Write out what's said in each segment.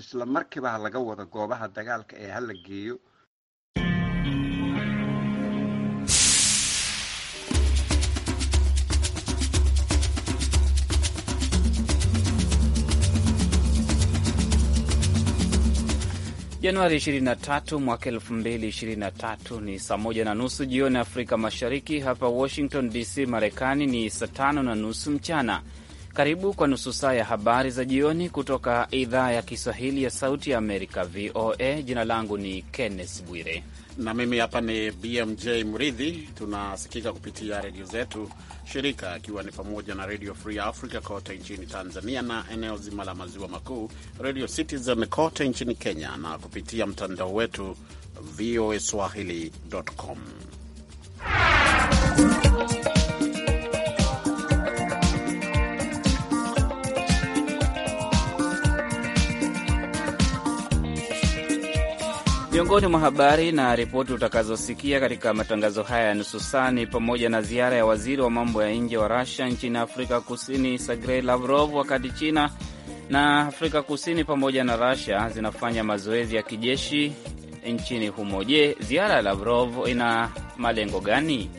isla markiiba ha laga wado goobaha dagaalka ee hala geeyo. Januari 23 mwaka 2023 ni saa moja na nusu jioni Afrika Mashariki. Hapa Washington DC, Marekani ni saa tano na nusu mchana. Karibu kwa nusu saa ya habari za jioni kutoka idhaa ya Kiswahili ya Sauti ya Amerika, VOA. Jina langu ni Kenneth Bwire na mimi hapa ni BMJ Mridhi. Tunasikika kupitia redio zetu shirika, ikiwa ni pamoja na Redio Free Africa kote nchini Tanzania na eneo zima la maziwa makuu, Redio Citizen kote nchini Kenya, na kupitia mtandao wetu voa swahili.com Miongoni mwa habari na ripoti utakazosikia katika matangazo haya ya nusu saa ni pamoja na ziara ya waziri wa mambo ya nje wa Rusia nchini Afrika Kusini, Sergei Lavrov, wakati China na Afrika Kusini pamoja na Rusia zinafanya mazoezi ya kijeshi nchini humo. Je, ziara ya Lavrov ina malengo gani?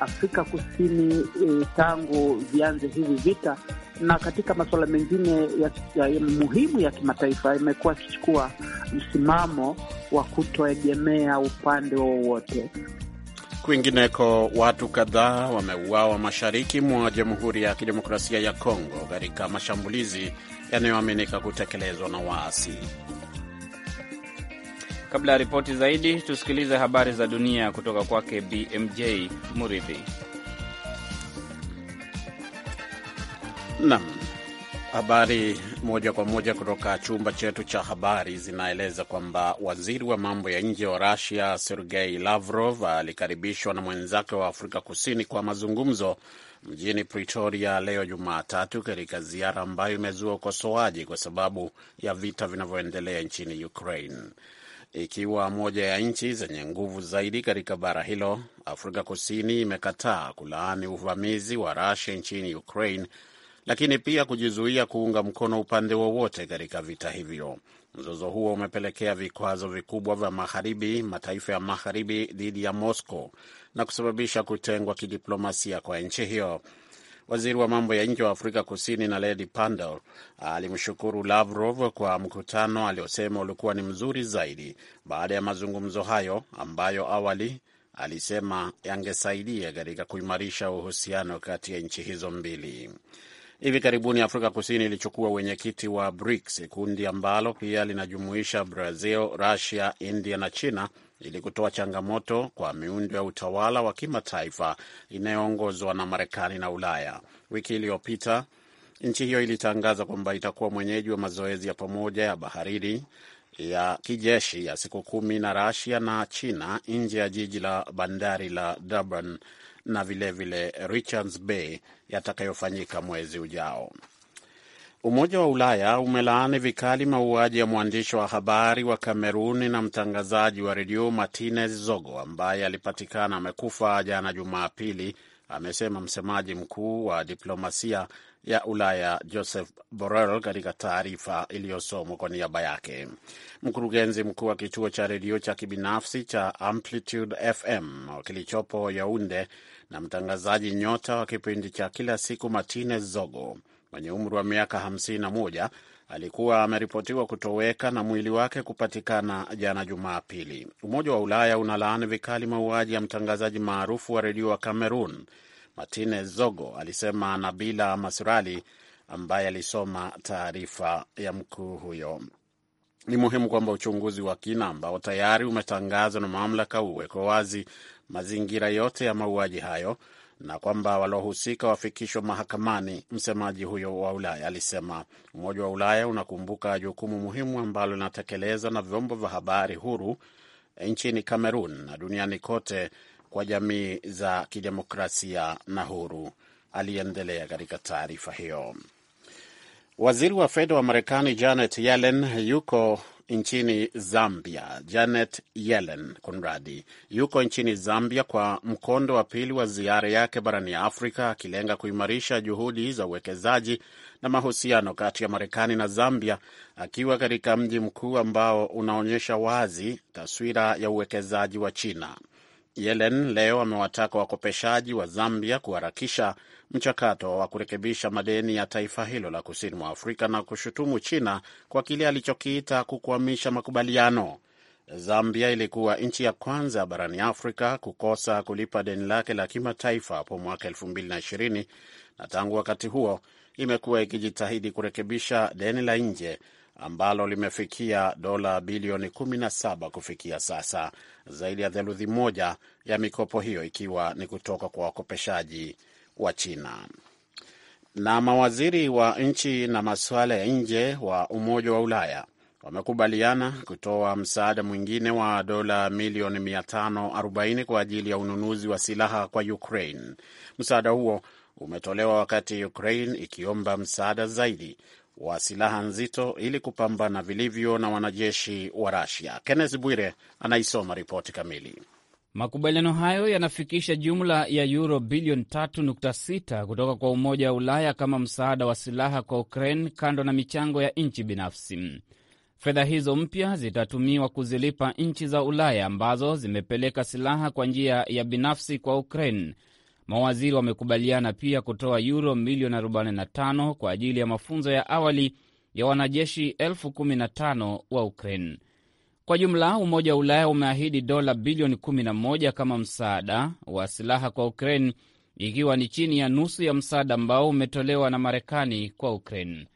Afrika Kusini e, tangu vianze hivi vita na katika masuala mengine ya, ya, ya muhimu ya kimataifa imekuwa ikichukua msimamo wa kutoegemea upande wowote. Kwingineko, watu kadhaa wameuawa mashariki mwa Jamhuri ya Kidemokrasia ya Kongo katika mashambulizi yanayoaminika kutekelezwa na waasi. Kabla ya ripoti zaidi, tusikilize habari za dunia kutoka kwake BMJ Muridhi. Naam, habari moja kwa moja kutoka chumba chetu cha habari zinaeleza kwamba waziri wa mambo ya nje wa Rusia Sergei Lavrov alikaribishwa na mwenzake wa Afrika Kusini kwa mazungumzo mjini Pretoria leo Jumatatu, katika ziara ambayo imezua ukosoaji kwa sababu ya vita vinavyoendelea nchini Ukraine. Ikiwa moja ya nchi zenye nguvu zaidi katika bara hilo, Afrika Kusini imekataa kulaani uvamizi wa Rusia nchini Ukraine lakini pia kujizuia kuunga mkono upande wowote katika vita hivyo. Mzozo huo umepelekea vikwazo vikubwa vya magharibi, mataifa ya magharibi dhidi ya Moscow na kusababisha kutengwa kidiplomasia kwa nchi hiyo. Waziri wa mambo ya nje wa Afrika Kusini na lady Pandor alimshukuru Lavrov kwa mkutano aliosema ulikuwa ni mzuri zaidi baada ya mazungumzo hayo ambayo awali alisema yangesaidia katika kuimarisha uhusiano kati ya nchi hizo mbili. Hivi karibuni Afrika Kusini ilichukua wenyekiti wa BRICS, kundi ambalo pia linajumuisha Brazil, Russia, India na China ili kutoa changamoto kwa miundo ya utawala wa kimataifa inayoongozwa na Marekani na Ulaya. Wiki iliyopita nchi hiyo ilitangaza kwamba itakuwa mwenyeji wa mazoezi ya pamoja ya baharini ya kijeshi ya siku kumi na Rasia na China nje ya jiji la bandari la Durban na vilevile vile Richards Bay yatakayofanyika mwezi ujao. Umoja wa Ulaya umelaani vikali mauaji ya mwandishi wa habari wa Kameruni na mtangazaji wa redio Martinez Zogo ambaye alipatikana amekufa jana Jumapili, amesema msemaji mkuu wa diplomasia ya Ulaya Joseph Borrell katika taarifa iliyosomwa kwa niaba yake. Mkurugenzi mkuu wa kituo cha redio cha kibinafsi cha Amplitude FM kilichopo Yaunde na mtangazaji nyota wa kipindi cha kila siku Martinez Zogo mwenye umri wa miaka 51 alikuwa ameripotiwa kutoweka na mwili wake kupatikana jana Jumapili. Umoja wa Ulaya unalaani vikali mauaji ya mtangazaji maarufu wa redio wa Cameroon Martinez Zogo alisema Nabila Masurali ambaye alisoma taarifa ya mkuu huyo. Ni muhimu kwamba uchunguzi wa kina ambao tayari umetangazwa na mamlaka uweko wazi mazingira yote ya mauaji hayo na kwamba waliohusika wafikishwe mahakamani. Msemaji huyo wa Ulaya alisema Umoja wa Ulaya unakumbuka jukumu muhimu ambalo linatekeleza na vyombo vya habari huru nchini Kamerun na duniani kote kwa jamii za kidemokrasia na huru, aliendelea katika taarifa hiyo. Waziri wa fedha wa Marekani Janet Yellen yuko nchini Zambia. Janet Yellen kunradi, yuko nchini Zambia kwa mkondo wa pili wa ziara yake barani Afrika, akilenga kuimarisha juhudi za uwekezaji na mahusiano kati ya Marekani na Zambia, akiwa katika mji mkuu ambao unaonyesha wazi taswira ya uwekezaji wa China. Yellen leo amewataka wakopeshaji wa Zambia kuharakisha mchakato wa kurekebisha madeni ya taifa hilo la kusini mwa Afrika na kushutumu China kwa kile alichokiita kukwamisha makubaliano. Zambia ilikuwa nchi ya kwanza barani Afrika kukosa kulipa deni lake la kimataifa hapo mwaka 2020 na tangu wakati huo imekuwa ikijitahidi kurekebisha deni la nje ambalo limefikia dola bilioni 17 kufikia sasa, zaidi ya theluthi moja ya mikopo hiyo ikiwa ni kutoka kwa wakopeshaji wa China. Na mawaziri wa nchi na masuala ya nje wa Umoja wa Ulaya wamekubaliana kutoa msaada mwingine wa dola milioni 540 kwa ajili ya ununuzi wa silaha kwa Ukraine. Msaada huo umetolewa wakati Ukraine ikiomba msaada zaidi wa silaha nzito ili kupambana vilivyo na wanajeshi wa Rasia. Kenneth Bwire anaisoma ripoti kamili. Makubaliano hayo yanafikisha jumla ya yuro bilioni 3.6 kutoka kwa Umoja wa Ulaya kama msaada wa silaha kwa Ukraine, kando na michango ya nchi binafsi. Fedha hizo mpya zitatumiwa kuzilipa nchi za Ulaya ambazo zimepeleka silaha kwa njia ya binafsi kwa Ukraine Mawaziri wamekubaliana pia kutoa yuro milioni 45 kwa ajili ya mafunzo ya awali ya wanajeshi elfu 15 wa Ukraine. Kwa jumla, Umoja wa Ulaya umeahidi dola bilioni 11 kama msaada wa silaha kwa Ukraine, ikiwa ni chini ya nusu ya msaada ambao umetolewa na Marekani kwa Ukraine.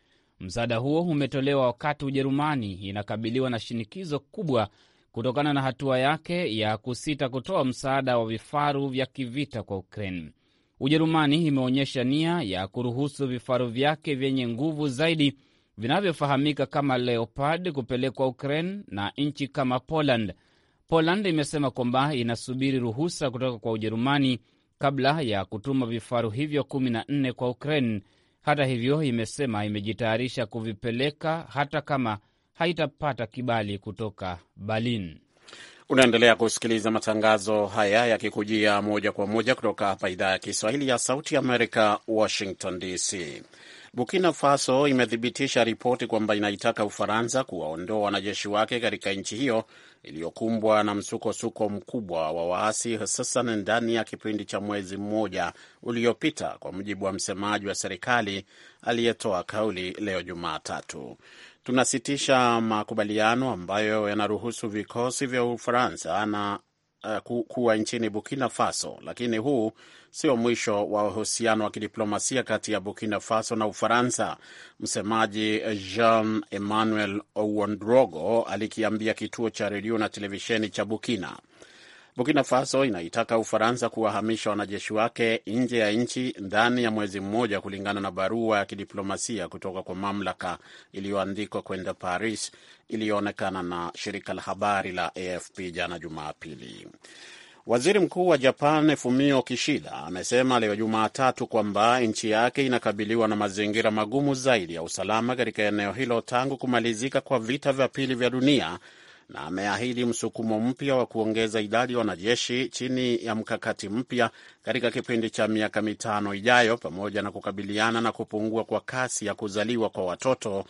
Msaada huo umetolewa wakati Ujerumani inakabiliwa na shinikizo kubwa kutokana na hatua yake ya kusita kutoa msaada wa vifaru vya kivita kwa Ukraine. Ujerumani imeonyesha nia ya kuruhusu vifaru vyake vyenye nguvu zaidi vinavyofahamika kama Leopard kupelekwa Ukraine na nchi kama Poland. Poland imesema kwamba inasubiri ruhusa kutoka kwa Ujerumani kabla ya kutuma vifaru hivyo 14 kwa Ukraine. Hata hivyo, imesema imejitayarisha kuvipeleka hata kama haitapata kibali kutoka Berlin. Unaendelea kusikiliza matangazo haya yakikujia moja kwa moja kutoka hapa idhaa ya Kiswahili ya Sauti ya Amerika, Washington DC. Burkina Faso imethibitisha ripoti kwamba inaitaka Ufaransa kuwaondoa wanajeshi wake katika nchi hiyo iliyokumbwa na msukosuko mkubwa wa waasi, hususan ndani ya kipindi cha mwezi mmoja uliopita, kwa mujibu wa msemaji wa serikali aliyetoa kauli leo Jumatatu tunasitisha makubaliano ambayo yanaruhusu vikosi vya Ufaransa na uh, kuwa nchini Burkina Faso, lakini huu sio mwisho wa uhusiano wa kidiplomasia kati ya Burkina Faso na Ufaransa. Msemaji Jean Emmanuel Ouandrogo alikiambia kituo cha redio na televisheni cha Burkina Burkina Faso inaitaka Ufaransa kuwahamisha wanajeshi wake nje ya nchi ndani ya mwezi mmoja, kulingana na barua ya kidiplomasia kutoka kwa mamlaka iliyoandikwa kwenda Paris iliyoonekana na shirika la habari la AFP jana Jumapili. Waziri Mkuu wa Japan Fumio Kishida amesema leo Jumatatu kwamba nchi yake inakabiliwa na mazingira magumu zaidi ya usalama katika eneo hilo tangu kumalizika kwa vita vya pili vya dunia na ameahidi msukumo mpya wa kuongeza idadi ya wanajeshi chini ya mkakati mpya katika kipindi cha miaka mitano ijayo, pamoja na kukabiliana na kupungua kwa kasi ya kuzaliwa kwa watoto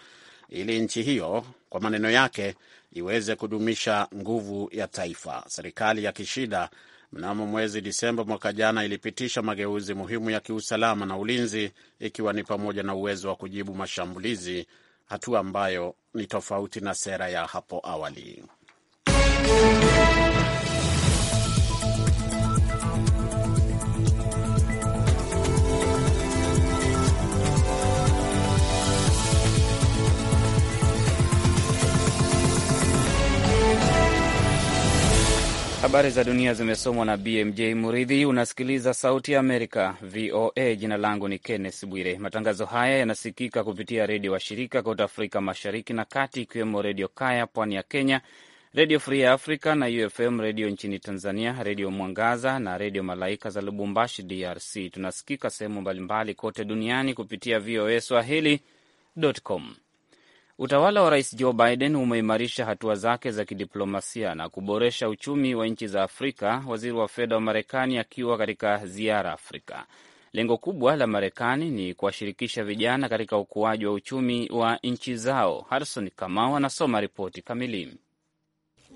ili nchi hiyo, kwa maneno yake, iweze kudumisha nguvu ya taifa. Serikali ya Kishida mnamo mwezi Disemba mwaka jana ilipitisha mageuzi muhimu ya kiusalama na ulinzi, ikiwa ni pamoja na uwezo wa kujibu mashambulizi hatua ambayo ni tofauti na sera ya hapo awali. Habari za dunia zimesomwa na BMJ Muridhi. Unasikiliza Sauti ya Amerika, VOA. Jina langu ni Kenneth Bwire. Matangazo haya yanasikika kupitia redio washirika kote Afrika Mashariki na Kati, ikiwemo Redio Kaya pwani ya Kenya, Redio Free ya Africa na UFM Redio nchini Tanzania, Redio Mwangaza na Redio Malaika za Lubumbashi, DRC. Tunasikika sehemu mbalimbali kote duniani kupitia VOA swahili com Utawala wa Rais Joe Biden umeimarisha hatua zake za kidiplomasia na kuboresha uchumi wa nchi za Afrika, waziri wa fedha wa Marekani akiwa katika ziara Afrika. Lengo kubwa la Marekani ni kuwashirikisha vijana katika ukuaji wa uchumi wa nchi zao. Harison Kamau anasoma ripoti kamili.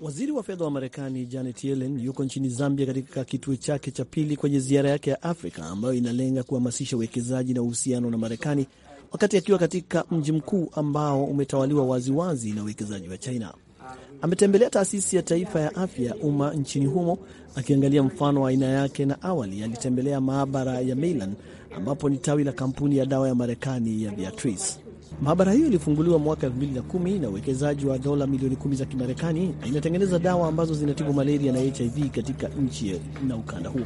Waziri wa fedha wa Marekani Janet Yellen yuko nchini Zambia katika kituo chake cha pili kwenye ziara yake ya Afrika ambayo inalenga kuhamasisha uwekezaji na uhusiano na Marekani wakati akiwa katika mji mkuu ambao umetawaliwa waziwazi na uwekezaji wa China. Ametembelea taasisi ya taifa ya afya ya umma nchini humo akiangalia mfano wa aina yake, na awali alitembelea maabara ya Mylan ambapo ni tawi la kampuni ya dawa ya Marekani ya Beatrice. Maabara hiyo ilifunguliwa mwaka 2010 na uwekezaji wa dola milioni kumi za Kimarekani na inatengeneza dawa ambazo zinatibu malaria na HIV katika nchi na ukanda huo.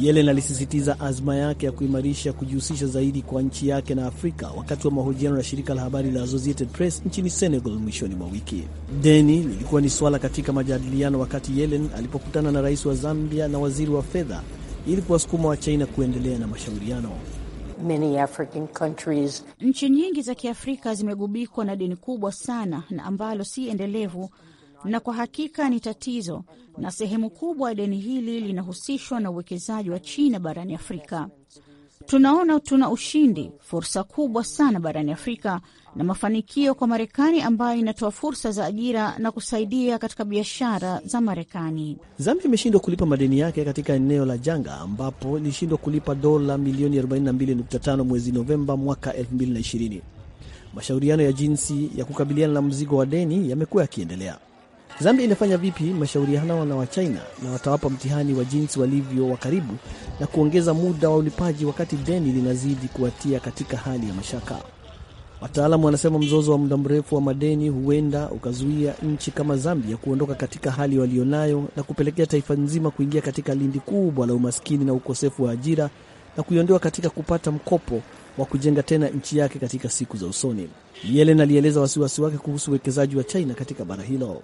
Yellen alisisitiza azma yake ya kuimarisha kujihusisha zaidi kwa nchi yake na Afrika wakati wa mahojiano na shirika la habari la Associated Press nchini Senegal mwishoni mwa wiki. Deni lilikuwa ni swala katika majadiliano wakati Yellen alipokutana na rais wa Zambia na waziri wa fedha ili kuwasukuma wa China kuendelea na mashauriano. Many African countries. Nchi nyingi za Kiafrika zimegubikwa na deni kubwa sana na ambalo si endelevu na kwa hakika ni tatizo, na sehemu kubwa ya deni hili linahusishwa na uwekezaji wa China barani Afrika. Tunaona tuna ushindi, fursa kubwa sana barani Afrika na mafanikio kwa Marekani ambayo inatoa fursa za ajira na kusaidia katika biashara za Marekani. Zambia imeshindwa kulipa madeni yake katika eneo la janga ambapo ilishindwa kulipa dola milioni 42.5 mwezi Novemba mwaka 2020. Mashauriano ya jinsi ya kukabiliana na mzigo wa deni yamekuwa yakiendelea. Zambia inafanya vipi mashauriano na Wachina na watawapa mtihani wa jinsi walivyo wa karibu na kuongeza muda wa ulipaji wakati deni linazidi kuwatia katika hali ya mashaka. Wataalamu wanasema mzozo wa muda mrefu wa madeni huenda ukazuia nchi kama Zambia kuondoka katika hali walionayo na kupelekea taifa nzima kuingia katika lindi kubwa la umaskini na ukosefu wa ajira na kuiondoa katika kupata mkopo wa kujenga tena nchi yake katika siku za usoni. Yellen alieleza wasiwasi wake kuhusu uwekezaji wa China katika bara hilo.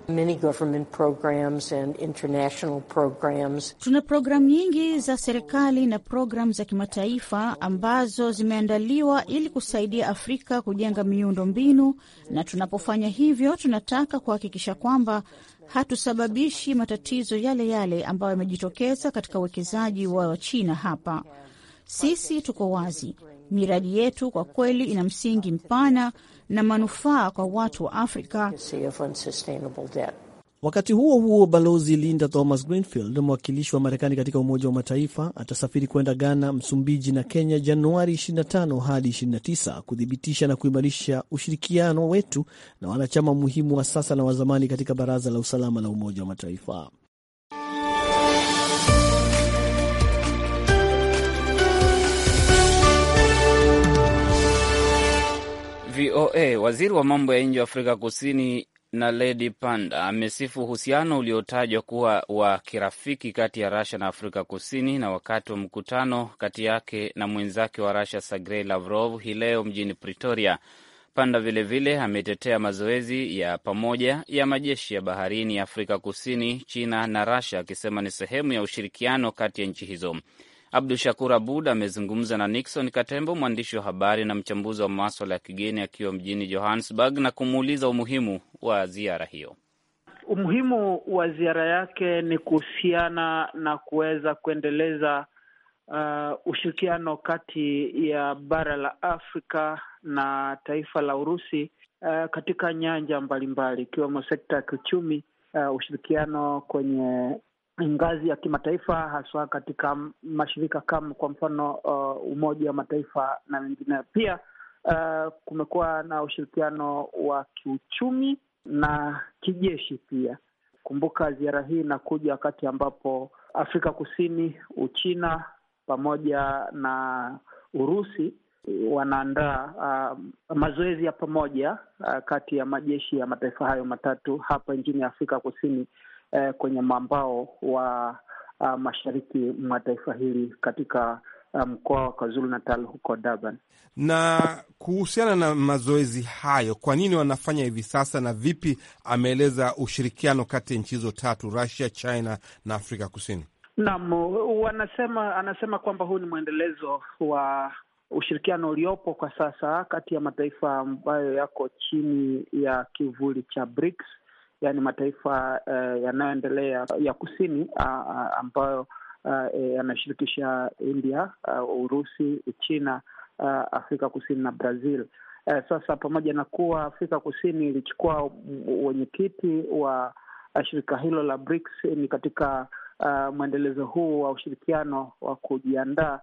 Tuna programu nyingi za serikali na programu za kimataifa ambazo zimeandaliwa ili kusaidia Afrika kujenga miundo mbinu, na tunapofanya hivyo, tunataka kuhakikisha kwamba hatusababishi matatizo yale yale ambayo yamejitokeza katika uwekezaji wa China hapa. Sisi tuko wazi, miradi yetu kwa kweli ina msingi mpana na manufaa kwa watu wa Afrika. Wakati huo huo, Balozi Linda Thomas Greenfield, mwakilishi wa Marekani katika Umoja wa Mataifa, atasafiri kwenda Ghana, Msumbiji na Kenya Januari 25 hadi 29 kuthibitisha na kuimarisha ushirikiano wetu na wanachama muhimu wa sasa na wa zamani katika Baraza la Usalama la Umoja wa Mataifa. VOA. Waziri wa mambo ya nje wa Afrika Kusini na Naledi Pandor amesifu uhusiano uliotajwa kuwa wa kirafiki kati ya rasha na Afrika Kusini. Na wakati wa mkutano kati yake na mwenzake wa Russia Sergey Lavrov hii leo mjini Pretoria, panda vilevile ametetea mazoezi ya pamoja ya majeshi ya baharini ya Afrika Kusini, China na Russia, akisema ni sehemu ya ushirikiano kati ya nchi hizo. Abdu Shakur Abud amezungumza na Nixon Katembo, mwandishi wa habari na mchambuzi wa maswala ya kigeni akiwa mjini Johannesburg, na kumuuliza umuhimu wa ziara hiyo. Umuhimu wa ziara yake ni kuhusiana na kuweza kuendeleza uh, ushirikiano kati ya bara la Afrika na taifa la Urusi uh, katika nyanja mbalimbali ikiwemo mbali, sekta ya kiuchumi, uh, ushirikiano kwenye ngazi ya kimataifa haswa katika mashirika kama kwa mfano uh, Umoja wa Mataifa na mengineo Pia uh, kumekuwa na ushirikiano wa kiuchumi na kijeshi pia. Kumbuka ziara hii inakuja wakati ambapo Afrika Kusini, Uchina pamoja na Urusi wanaandaa uh, mazoezi ya pamoja uh, kati ya majeshi ya mataifa hayo matatu hapa nchini Afrika Kusini eh, kwenye mwambao wa uh, mashariki mwa taifa hili katika ah, mkoa um, wa KwaZulu Natal huko Durban. Na kuhusiana na mazoezi hayo, kwa nini wanafanya hivi sasa na vipi? Ameeleza ushirikiano kati ya nchi hizo tatu, Russia, China na Afrika Kusini. Naam, wanasema anasema kwamba huu ni mwendelezo wa ushirikiano uliopo kwa sasa kati ya mataifa ambayo yako chini ya kivuli cha BRICS yani mataifa uh, yanayoendelea ya kusini uh, uh, ambayo uh, yanashirikisha India, uh, Urusi, china uh, Afrika Kusini na Brazil. Uh, sasa pamoja na kuwa Afrika Kusini ilichukua wenyekiti wa shirika hilo la BRICS, ni katika uh, mwendelezo huu wa ushirikiano wa kujiandaa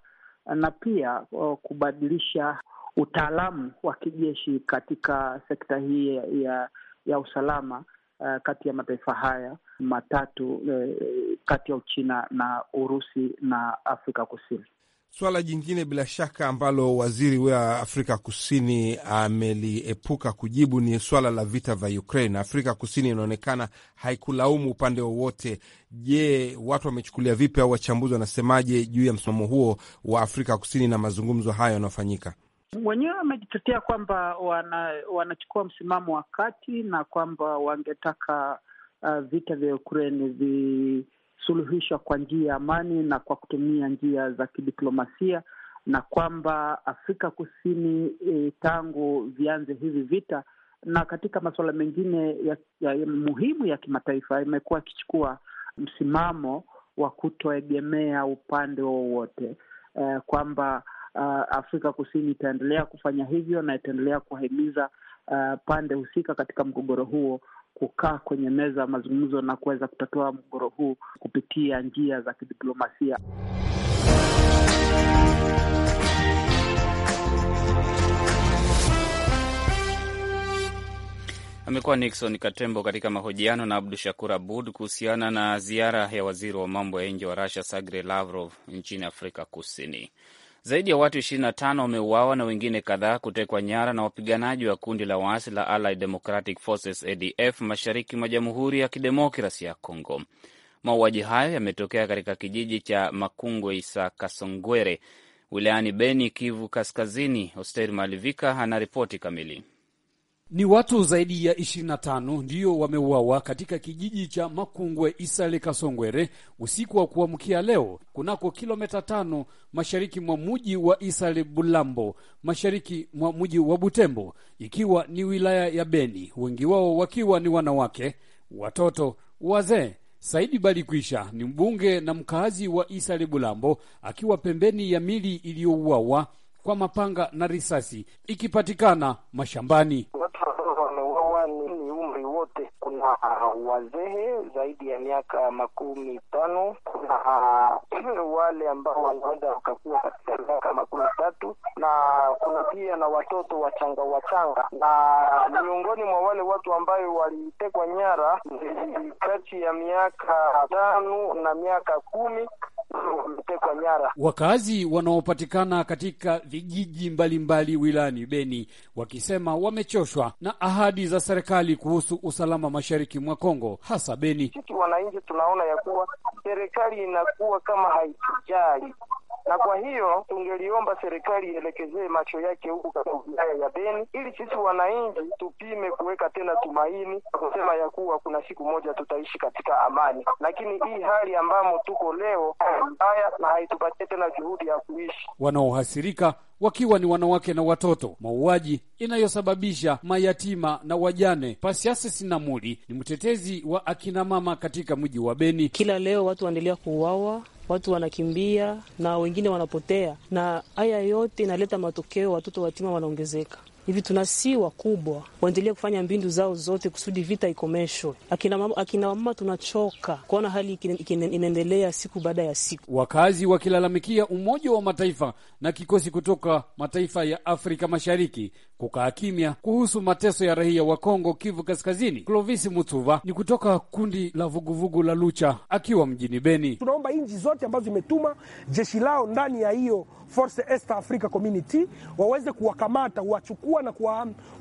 na pia uh, kubadilisha utaalamu wa kijeshi katika sekta hii ya, ya usalama uh, kati ya mataifa haya matatu uh, kati ya Uchina na Urusi na Afrika Kusini. Swala jingine bila shaka ambalo waziri wa Afrika Kusini ameliepuka kujibu ni swala la vita vya Ukraine. Afrika Kusini inaonekana haikulaumu upande wowote. Je, watu wamechukulia vipi au wachambuzi wanasemaje juu ya msimamo huo wa Afrika Kusini na mazungumzo hayo yanayofanyika? Wenyewe wamejitetea kwamba wana, wanachukua msimamo wa kati na kwamba wangetaka uh, vita vya Ukraine visuluhishwa kwa njia ya amani na kwa kutumia njia za kidiplomasia na kwamba Afrika Kusini e, tangu vianze hivi vita na katika masuala mengine ya, ya muhimu ya kimataifa imekuwa ikichukua msimamo wa kutoegemea upande wowote, e, kwamba uh, Afrika Kusini itaendelea kufanya hivyo na itaendelea kuwahimiza uh, pande husika katika mgogoro huo kukaa kwenye meza ya mazungumzo na kuweza kutatua mgogoro huu kupitia njia za kidiplomasia. Amekuwa Nixon Katembo katika mahojiano na Abdu Shakur Abud kuhusiana na ziara ya waziri wa mambo ya nje wa Rusia Sergey Lavrov nchini Afrika Kusini. Zaidi ya watu 25 wameuawa na wengine kadhaa kutekwa nyara na wapiganaji wa kundi la waasi la Allied Democratic Forces ADF mashariki mwa Jamhuri ya Kidemokrasi ya Congo. Mauaji hayo yametokea katika kijiji cha Makungwe Isa Kasongwere wilayani Beni, Kivu Kaskazini. Hoster Malivika anaripoti kamili. Ni watu zaidi ya 25 ndio wameuawa katika kijiji cha Makungwe Isale Kasongwere usiku wa kuamkia leo kunako kilomita tano mashariki mwa muji wa Isale Bulambo, mashariki mwa muji wa Butembo, ikiwa ni wilaya ya Beni, wengi wao wakiwa ni wanawake, watoto, wazee. Saidi Balikwisha ni mbunge na mkaazi wa Isale Bulambo, akiwa pembeni ya mili iliyouawa kwa mapanga na risasi ikipatikana mashambani. Watu ambao wameuawa ni umri wote. Kuna wazee zaidi ya miaka makumi tano, kuna wale ambao wanaweza wakakuwa katika miaka makumi tatu, na kuna pia na watoto wachanga wachanga. Na miongoni mwa wale watu ambayo walitekwa nyara kati ya miaka tano na miaka kumi wametekwa nyara. Wakazi wanaopatikana katika vijiji mbalimbali wilani Beni wakisema wamechoshwa na ahadi za serikali kuhusu usalama mashariki mwa Kongo, hasa Beni. Sisi wananchi tunaona ya kuwa serikali inakuwa kama haitujali na kwa hiyo tungeliomba serikali ielekezee macho yake huku katika wilaya ya Beni ili sisi wananchi tupime kuweka tena tumaini kusema ya kuwa kuna siku moja tutaishi katika amani, lakini hii hali ambamo tuko leo mbaya na haitupatie tena juhudi ya kuishi. Wanaohasirika wakiwa ni wanawake na watoto, mauaji inayosababisha mayatima na wajane. Pasiasi Sinamuli ni mtetezi wa akinamama katika mji wa Beni. Kila leo watu waendelea kuuawa watu wanakimbia na wengine wanapotea, na haya yote inaleta matokeo, watoto watima wanaongezeka hivi tunasi wakubwa waendelee kufanya mbindu zao zote kusudi vita ikomeshwe. Akina mama, akina mama tunachoka kuona hali inaendelea siku baada ya siku, wakazi wakilalamikia Umoja wa Mataifa na kikosi kutoka mataifa ya Afrika Mashariki kukaa kimya kuhusu mateso ya raia wa Kongo, Kivu Kaskazini. Clovis Mutsuva ni kutoka kundi la vuguvugu la Lucha akiwa mjini Beni. Tunaomba nchi zote ambazo zimetuma jeshi lao ndani ya hiyo Force East Africa Community waweze kuwakamata, wachukua na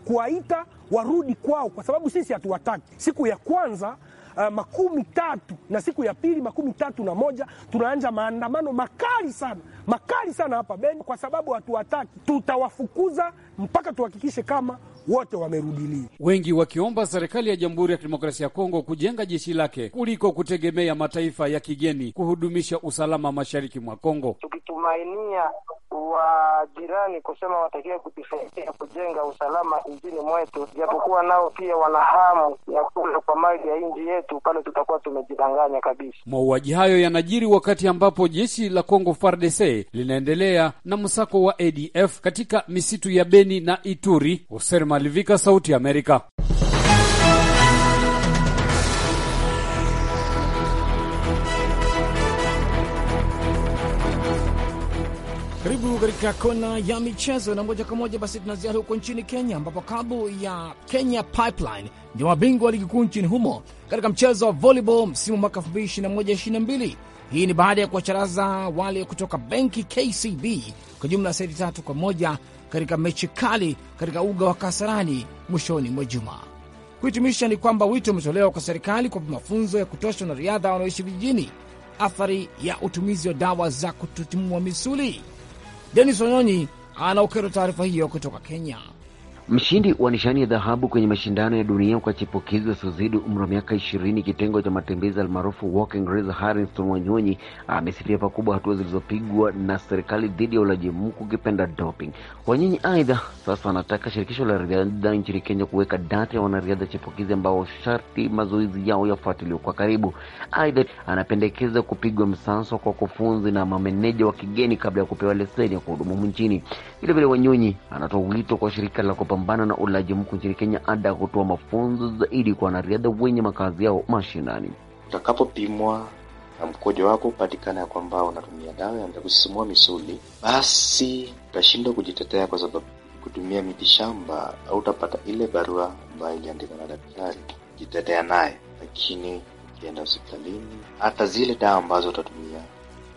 kuwaita warudi kwao, kwa sababu sisi hatuwataki. Siku ya kwanza Uh, makumi tatu na siku ya pili makumi tatu na moja tunaanja maandamano makali sana makali sana hapa Beni, kwa sababu hatuwataki. Tutawafukuza mpaka tuhakikishe kama wote wamerudilia, wengi wakiomba serikali ya Jamhuri ya Kidemokrasia ya Kongo kujenga jeshi lake kuliko kutegemea mataifa ya kigeni kuhudumisha usalama mashariki mwa Kongo, tukitumainia wajirani kusema watakiwa kutusaidia kujenga usalama nchini mwetu, japokuwa nao pia wana hamu ya kula kwa mali ya nchi yetu, pale tutakuwa tumejidanganya kabisa. Mauaji hayo yanajiri wakati ambapo jeshi la Kongo FARDC linaendelea na msako wa ADF katika misitu ya Beni na Ituri. Hussein Malivika, Sauti Amerika. Karibu katika kona ya michezo na moja kwa moja basi, tunazia huko nchini Kenya, ambapo klabu ya Kenya Pipeline ndio mabingwa wa ligi kuu nchini humo katika mchezo wa volleyball msimu mwaka 2021/22. Hii ni baada ya kuwacharaza wale kutoka benki KCB kwa jumla ya seti tatu kwa moja katika mechi kali katika uga wa Kasarani mwishoni mwa juma. Kuhitimisha ni kwamba wito umetolewa kwa serikali kwa mafunzo ya kutosha wanariadha wanaoishi vijijini athari ya utumizi wa dawa za kututimua misuli. Denis Onyonyi anaokerwa taarifa hiyo kutoka Kenya. Mshindi wa nishani ya dhahabu kwenye mashindano ya dunia kwa chipukizi wasiozidi umri wa miaka ishirini kitengo cha matembezi almaarufu walking race Harrison Wanyonyi amesifia pakubwa hatua zilizopigwa na serikali dhidi ya ulaji mku ukipenda doping. Wanyonyi aidha sasa anataka shirikisho la riadha nchini Kenya kuweka data ya wanariadha chipukizi ambao sharti mazoezi yao yafuatiliwa kwa karibu. Aidha anapendekeza kupigwa msasa kwa kufunzi na mameneja wa kigeni kabla ya kupewa leseni ya kuhudumu nchini. Vilevile Wanyonyi anatoa wito kwa shirika la kupa kupambana na ulaji mku nchini Kenya, ada ya kutoa mafunzo zaidi kwa wanariadha wenye makazi yao mashinani. Utakapopimwa na mkojo wako upatikana ya kwamba unatumia dawa ya kusisimua misuli, basi utashindwa kujitetea kwa sababu kutumia miti shamba au utapata ile barua ambayo iliandikwa na daktari kujitetea naye, lakini ukienda hospitalini, hata zile dawa ambazo utatumia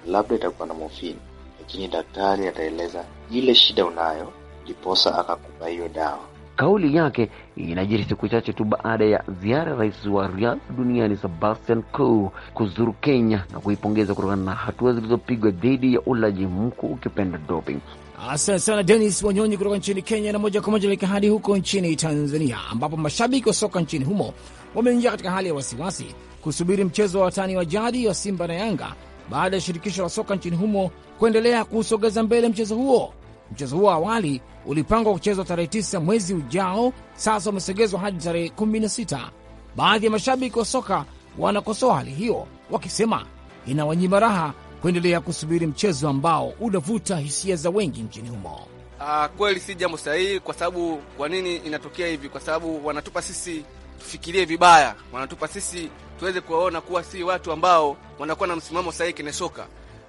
labda itakuwa na mofini, lakini daktari ataeleza ile shida unayo ndiposa akakupa hiyo dawa. Kauli yake inajiri siku chache tu baada ya ziara ya rais wa riad duniani Sebastian Coe kuzuru Kenya na kuipongeza kutokana na hatua zilizopigwa dhidi ya ulaji mkuu ukipenda doping. Asante sana Denis Wanyonyi kutoka nchini Kenya. Na moja kwa moja lika hadi huko nchini Tanzania, ambapo mashabiki wa soka nchini humo wameingia katika hali ya wasiwasi kusubiri mchezo wa watani wa jadi wa Simba na Yanga baada ya shirikisho la soka nchini humo kuendelea kusogeza mbele mchezo huo. Mchezo huo awali ulipangwa kuchezwa tarehe 9 mwezi ujao, sasa umesogezwa hadi tarehe 16. Baadhi ya mashabiki wa soka wanakosoa hali hiyo, wakisema inawanyima raha kuendelea kusubiri mchezo ambao unavuta hisia za wengi nchini humo. Uh, kweli si jambo sahihi, kwa sababu kwa nini inatokea hivi? Kwa sababu wanatupa sisi tufikirie vibaya, wanatupa sisi tuweze kuwaona kuwa si watu ambao wanakuwa na msimamo sahihi kwenye soka,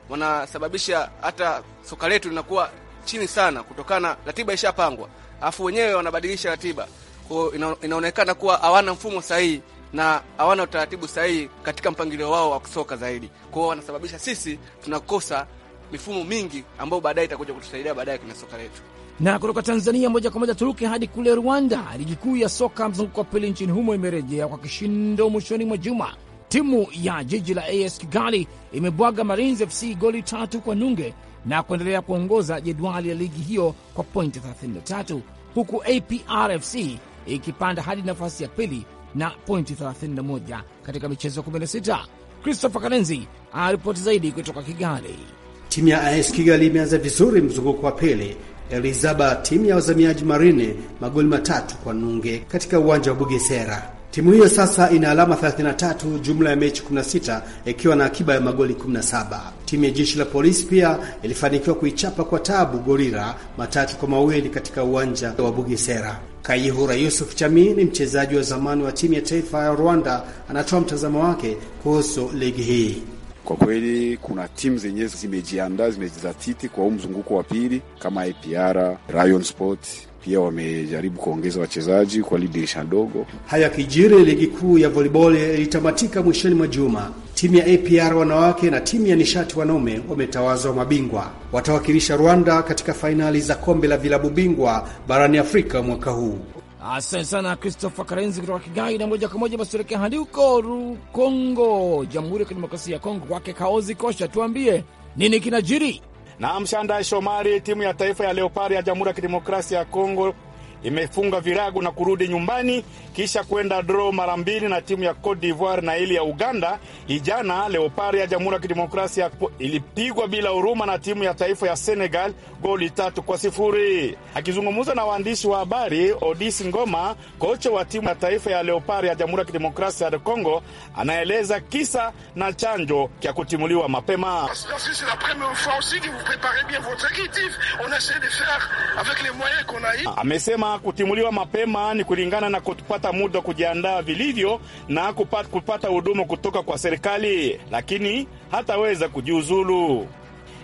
wanasababisha hata soka letu linakuwa chini sana, kutokana ratiba ishapangwa, afu wenyewe wanabadilisha ratiba kwao. Ina, inaonekana kuwa hawana mfumo sahihi na hawana utaratibu sahihi katika mpangilio wao wa kusoka zaidi, kwao wanasababisha sisi tunakosa mifumo mingi ambayo baadaye itakuja kutusaidia baadaye kwenye soka letu. Na kutoka Tanzania moja kwa moja turuke hadi kule Rwanda. Ligi kuu ya soka mzunguko wa pili nchini humo imerejea kwa kishindo mwishoni mwa juma. Timu ya jiji la AS Kigali imebwaga Marines FC goli tatu kwa nunge na kuendelea kuongoza jedwali ya ligi hiyo kwa pointi 33 huku APRFC ikipanda hadi nafasi ya pili na pointi 31 katika michezo 16. Christopher Karenzi aripoti zaidi kutoka Kigali. Timu ya AS Kigali imeanza vizuri mzunguko wa pili elizaba timu ya wazamiaji Marine magoli matatu kwa nunge katika uwanja wa Bugesera. Timu hiyo sasa ina alama 33 jumla ya mechi 16 ikiwa na akiba ya magoli 17. Timu ya jeshi la polisi pia ilifanikiwa kuichapa kwa tabu Gorira matatu kwa mawili katika uwanja wa Bugesera. Kayihura Yusuf Chami ni mchezaji wa zamani wa timu ya taifa ya Rwanda, anatoa mtazamo wake kuhusu ligi hii. Kwa kweli kuna timu zenyewe zimejiandaa, zimejizatiti kwa huu mzunguko wa pili kama APR, Rayon Sport pia wamejaribu kuongeza wachezaji kwa dirisha ndogo. Haya kijiri, ligi kuu ya volleyball ilitamatika mwishoni mwa juma. Timu ya APR wanawake na timu ya nishati wanaume wametawazwa mabingwa, watawakilisha Rwanda katika fainali za kombe la vilabu bingwa barani Afrika mwaka huu. Asante sana Christopher Karenzi kutoka Kigali. Na moja kwa moja basi tuelekea hadi huko Kongo, Jamhuri ya Kidemokrasia ya Kongo, kwake Kaozi Kosha, tuambie nini kinajiri? na Mshandai Shomari, timu ya taifa ya Leopari ya Jamhuri ya Kidemokrasia ya Kongo imefunga virago na kurudi nyumbani kisha kwenda dro mara mbili na timu ya Cote d'Ivoire na ile ya Uganda. Ijana Leopard ya Jamhuri ya Kidemokrasia ilipigwa bila huruma na timu ya taifa ya Senegal goli tatu kwa sifuri. Akizungumza na waandishi wa habari, Odis Ngoma, kocha wa timu ya taifa ya Leopard ya Jamhuri ya Kidemokrasia ya Congo, anaeleza kisa na chanjo cha kutimuliwa mapema. Amesema kutimuliwa mapema ni kulingana na kupata muda kujiandaa vilivyo na kupata huduma kutoka kwa serikali, lakini hataweza kujiuzulu.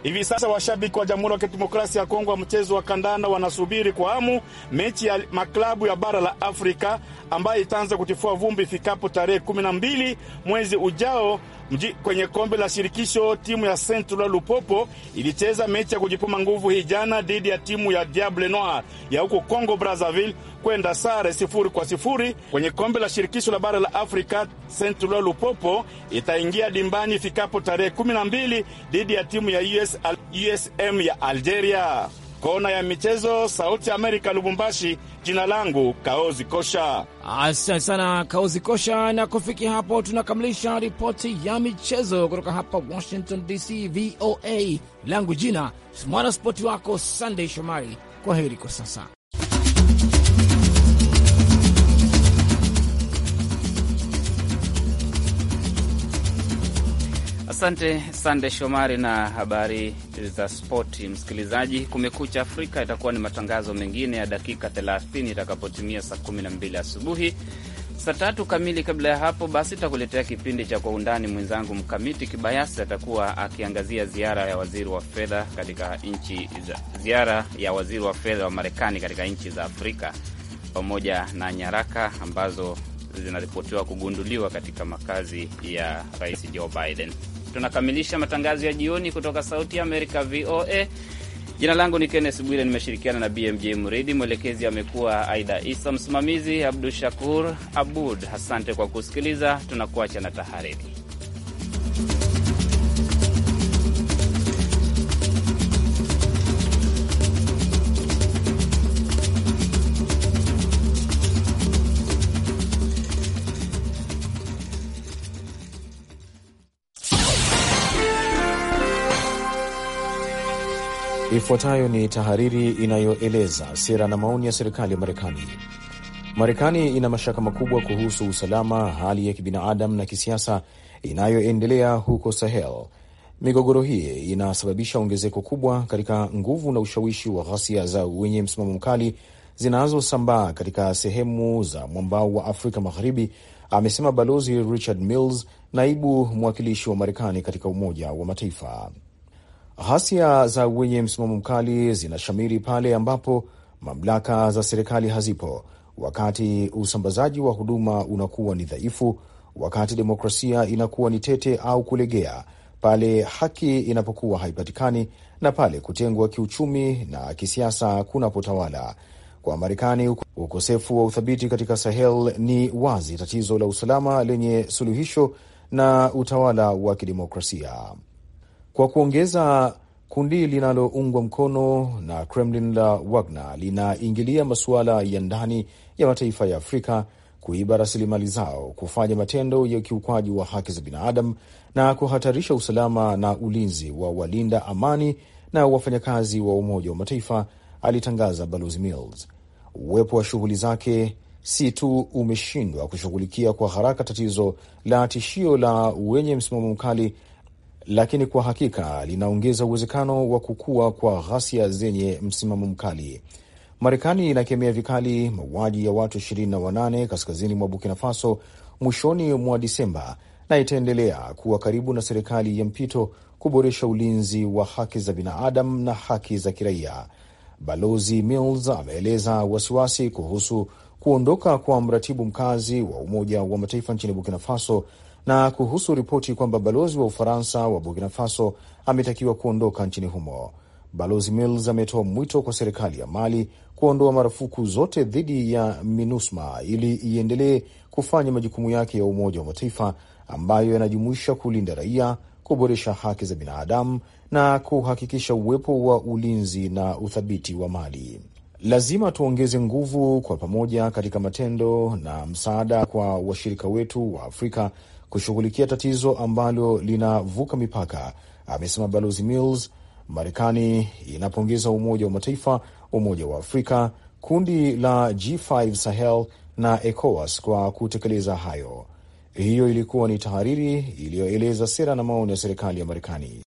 Hivi sasa washabiki wa Jamhuri ya Kidemokrasia ya Kongo wa mchezo wa kandanda wanasubiri kwa hamu mechi ya maklabu ya bara la Afrika ambayo itaanza kutifua vumbi ifikapo tarehe 12 mwezi ujao Mji kwenye kombe la shirikisho, timu ya Central Lupopo ilicheza mechi ya kujipima nguvu hii jana dhidi ya timu ya Diable Noir ya huko Congo Brazzaville kwenda sare sifuri kwa sifuri. Kwenye kombe la shirikisho la bara la Afrika, Central Lupopo itaingia dimbani ifikapo tarehe 12 dhidi ya timu ya US, USM ya Algeria. Kona ya michezo, Sauti Amerika, Lubumbashi. Jina langu Kaozi Kosha. Asante sana Kaozi Kosha, na kufikia hapo tunakamilisha ripoti ya michezo kutoka hapa Washington DC, VOA. Langu jina mwanaspoti wako Sandey Shomari. Kwa heri kwa sasa. Asante Sande Shomari na habari za spoti. Msikilizaji, Kumekucha Afrika itakuwa ni matangazo mengine ya dakika 30 itakapotimia saa 12 asubuhi, saa tatu kamili. Kabla ya hapo basi, itakuletea kipindi cha Kwa Undani. Mwenzangu Mkamiti Kibayasi atakuwa akiangazia ziara ya waziri wa fedha katika nchi za, ziara ya waziri wa fedha wa Marekani katika nchi za Afrika pamoja na nyaraka ambazo zinaripotiwa kugunduliwa katika makazi ya rais Joe Biden tunakamilisha matangazo ya jioni kutoka Sauti ya Amerika, VOA. Jina langu ni Kennes Bwire, nimeshirikiana na BMJ mridi mwelekezi amekuwa Aida Isa, msimamizi Abdu Shakur Abud. Asante kwa kusikiliza, tunakuacha na tahariri. Ifuatayo ni tahariri inayoeleza sera na maoni ya serikali ya Marekani. Marekani ina mashaka makubwa kuhusu usalama, hali ya kibinadamu na kisiasa inayoendelea huko Sahel. Migogoro hii inasababisha ongezeko kubwa katika nguvu na ushawishi wa ghasia za wenye msimamo mkali zinazosambaa katika sehemu za mwambao wa Afrika Magharibi, amesema Balozi Richard Mills, naibu mwakilishi wa Marekani katika Umoja wa Mataifa. Ghasia za wenye msimamo mkali zinashamiri pale ambapo mamlaka za serikali hazipo, wakati usambazaji wa huduma unakuwa ni dhaifu, wakati demokrasia inakuwa ni tete au kulegea, pale haki inapokuwa haipatikani na pale kutengwa kiuchumi na kisiasa kunapotawala. Kwa Marekani, ukosefu wa uthabiti katika Sahel ni wazi tatizo la usalama lenye suluhisho na utawala wa kidemokrasia. Kwa kuongeza, kundi linaloungwa mkono na Kremlin la Wagner linaingilia masuala ya ndani ya mataifa ya Afrika, kuiba rasilimali zao, kufanya matendo ya ukiukwaji wa haki za binadamu na kuhatarisha usalama na ulinzi wa walinda amani na wafanyakazi wa Umoja wa Mataifa, alitangaza Balozi Mills. Uwepo wa shughuli zake si tu umeshindwa kushughulikia kwa haraka tatizo la tishio la wenye msimamo mkali lakini kwa hakika linaongeza uwezekano wa kukua kwa ghasia zenye msimamo mkali. Marekani inakemea vikali mauaji ya watu 28 kaskazini mwa Burkina Faso mwishoni mwa Disemba na itaendelea kuwa karibu na serikali ya mpito kuboresha ulinzi wa haki za binadamu na haki za kiraia. Balozi Mills ameeleza wasiwasi kuhusu kuondoka kwa mratibu mkazi wa Umoja wa Mataifa nchini Burkina Faso na kuhusu ripoti kwamba balozi wa Ufaransa wa Burkina Faso ametakiwa kuondoka nchini humo. Balozi Mills ametoa mwito kwa serikali ya Mali kuondoa marufuku zote dhidi ya MINUSMA ili iendelee kufanya majukumu yake ya Umoja wa Mataifa ambayo yanajumuisha kulinda raia, kuboresha haki za binadamu na kuhakikisha uwepo wa ulinzi na uthabiti wa Mali. Lazima tuongeze nguvu kwa pamoja katika matendo na msaada kwa washirika wetu wa Afrika kushughulikia tatizo ambalo linavuka mipaka, amesema Balozi Mills. Marekani inapongeza Umoja wa Mataifa, Umoja wa Afrika, kundi la G5 Sahel na ECOWAS kwa kutekeleza hayo. Hiyo ilikuwa ni tahariri iliyoeleza sera na maoni ya serikali ya Marekani.